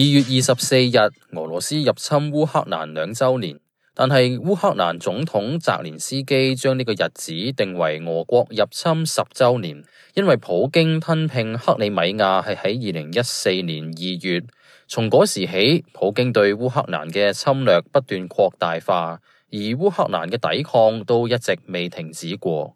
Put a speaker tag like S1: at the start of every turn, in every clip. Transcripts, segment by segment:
S1: 二月二十四日，俄羅斯入侵烏克蘭兩周年，但係烏克蘭總統澤連斯基將呢個日子定為俄國入侵十周年，因為普京吞併克里米亞係喺二零一四年二月，從嗰時起，普京對烏克蘭嘅侵略不斷擴大化，而烏克蘭嘅抵抗都一直未停止過。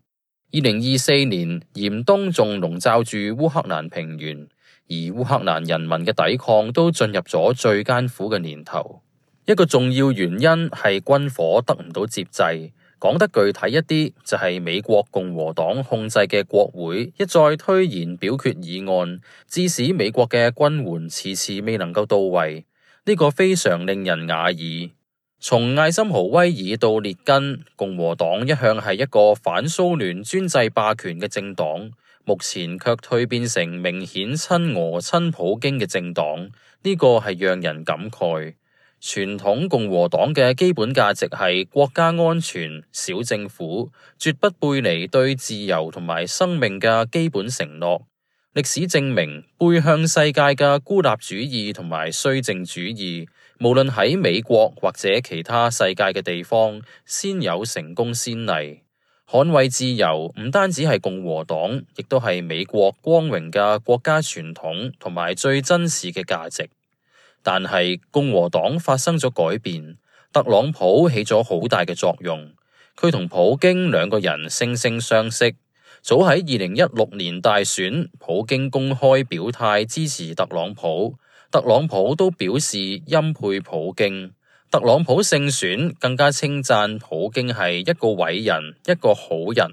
S1: 二零二四年嚴冬仲籠罩住烏克蘭平原。而烏克蘭人民嘅抵抗都進入咗最艱苦嘅年頭，一個重要原因係軍火得唔到接濟。講得具體一啲，就係美國共和黨控制嘅國會一再推延表決議案，致使美國嘅軍援遲遲未能夠到位。呢個非常令人訝異。從艾森豪威爾到列根，共和黨一向係一個反蘇聯專制霸權嘅政黨。目前卻蛻變成明顯親俄、親普京嘅政黨，呢、這個係讓人感慨。傳統共和黨嘅基本價值係國家安全、小政府，絕不背離對自由同埋生命嘅基本承諾。歷史證明，背向世界嘅孤立主義同埋綏靖主義，無論喺美國或者其他世界嘅地方，先有成功先例。捍衛自由唔單止係共和黨，亦都係美國光榮嘅國家傳統同埋最真實嘅價值。但係共和黨發生咗改變，特朗普起咗好大嘅作用。佢同普京兩個人惺惺相惜，早喺二零一六年大選，普京公開表態支持特朗普，特朗普都表示欽佩普京。特朗普勝選更加稱讚普京係一個偉人，一個好人。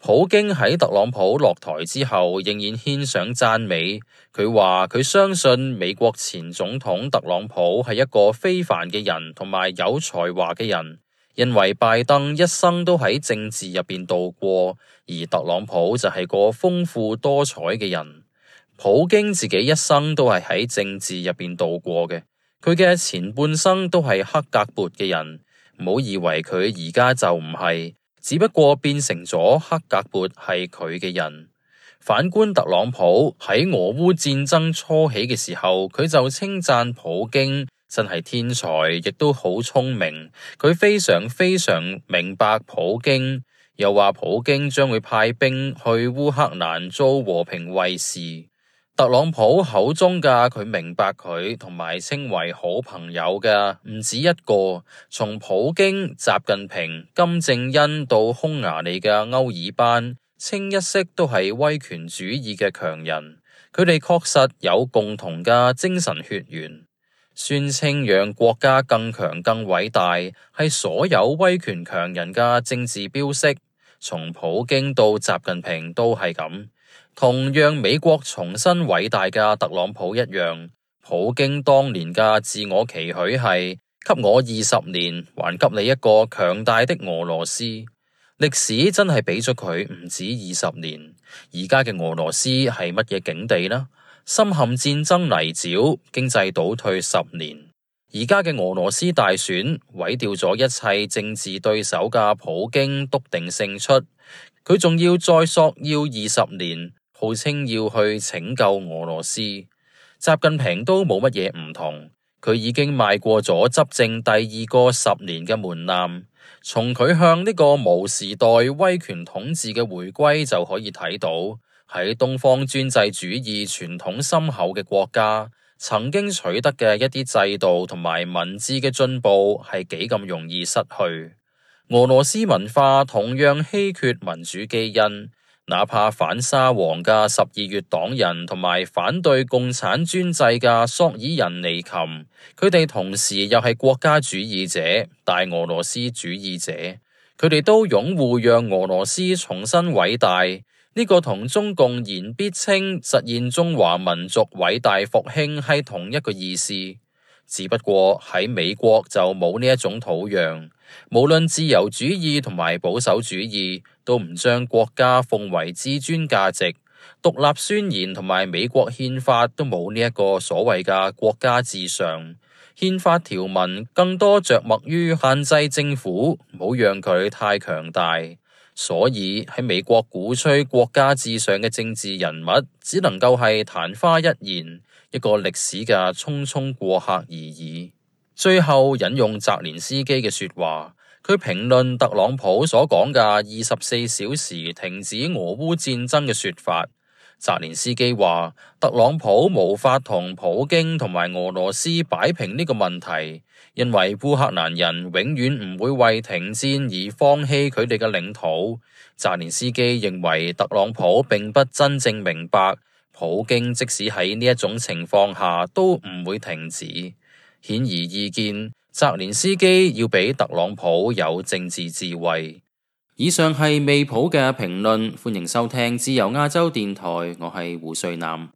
S1: 普京喺特朗普落台之後，仍然獻上讚美。佢話佢相信美國前總統特朗普係一個非凡嘅人，同埋有才華嘅人。認為拜登一生都喺政治入邊度過，而特朗普就係個豐富多彩嘅人。普京自己一生都係喺政治入邊度過嘅。佢嘅前半生都係克格勃嘅人，唔好以為佢而家就唔係，只不過變成咗克格勃係佢嘅人。反觀特朗普喺俄烏戰爭初起嘅時候，佢就稱讚普京真係天才，亦都好聰明，佢非常非常明白普京，又話普京將會派兵去烏克蘭做和平衛士。特朗普口中嘅佢明白佢同埋稱為好朋友嘅唔止一個，從普京、習近平、金正恩到匈牙利嘅歐爾班，清一色都係威權主義嘅強人。佢哋確實有共同嘅精神血緣，宣稱讓國家更強更偉大，係所有威權強人嘅政治標識。從普京到習近平都係咁。同讓美國重新偉大嘅特朗普一樣，普京當年嘅自我期許係給我二十年，還給你一個強大的俄羅斯。歷史真係畀咗佢唔止二十年。而家嘅俄羅斯係乜嘢境地呢？深陷戰爭泥沼，經濟倒退十年。而家嘅俄羅斯大選，毀掉咗一切政治對手嘅普京篤定勝出，佢仲要再索要二十年。號稱要去拯救俄羅斯，習近平都冇乜嘢唔同，佢已經邁過咗執政第二個十年嘅門檻。從佢向呢個無時代威權統治嘅回歸就可以睇到，喺東方專制主義傳統深厚嘅國家，曾經取得嘅一啲制度同埋文字嘅進步係幾咁容易失去。俄羅斯文化同樣稀缺民主基因。哪怕反沙皇嘅十二月黨人，同埋反對共產專制嘅索爾仁尼琴，佢哋同時又係國家主義者、大俄羅斯主義者，佢哋都擁護讓俄羅斯重新偉大，呢、這個同中共言必稱實現中華民族偉大復興係同一個意思。只不過喺美國就冇呢一種土壤，無論自由主義同埋保守主義，都唔將國家奉為至尊價值。獨立宣言同埋美國憲法都冇呢一個所謂嘅國家至上。憲法條文更多着墨於限制政府，唔好讓佢太強大。所以喺美國鼓吹國家至上嘅政治人物，只能夠係曇花一現，一個歷史嘅匆匆過客而已。最後引用澤連斯基嘅說話，佢評論特朗普所講嘅二十四小時停止俄烏戰爭嘅說法。澤連斯基話：特朗普無法同普京同埋俄羅斯擺平呢個問題，因為烏克蘭人永遠唔會為停戰而放棄佢哋嘅領土。澤連斯基認為特朗普並不真正明白普京即使喺呢一種情況下都唔會停止。顯而易見，澤連斯基要比特朗普有政治智慧。以上係未普嘅評論，歡迎收聽自由亞洲電台，我係胡瑞南。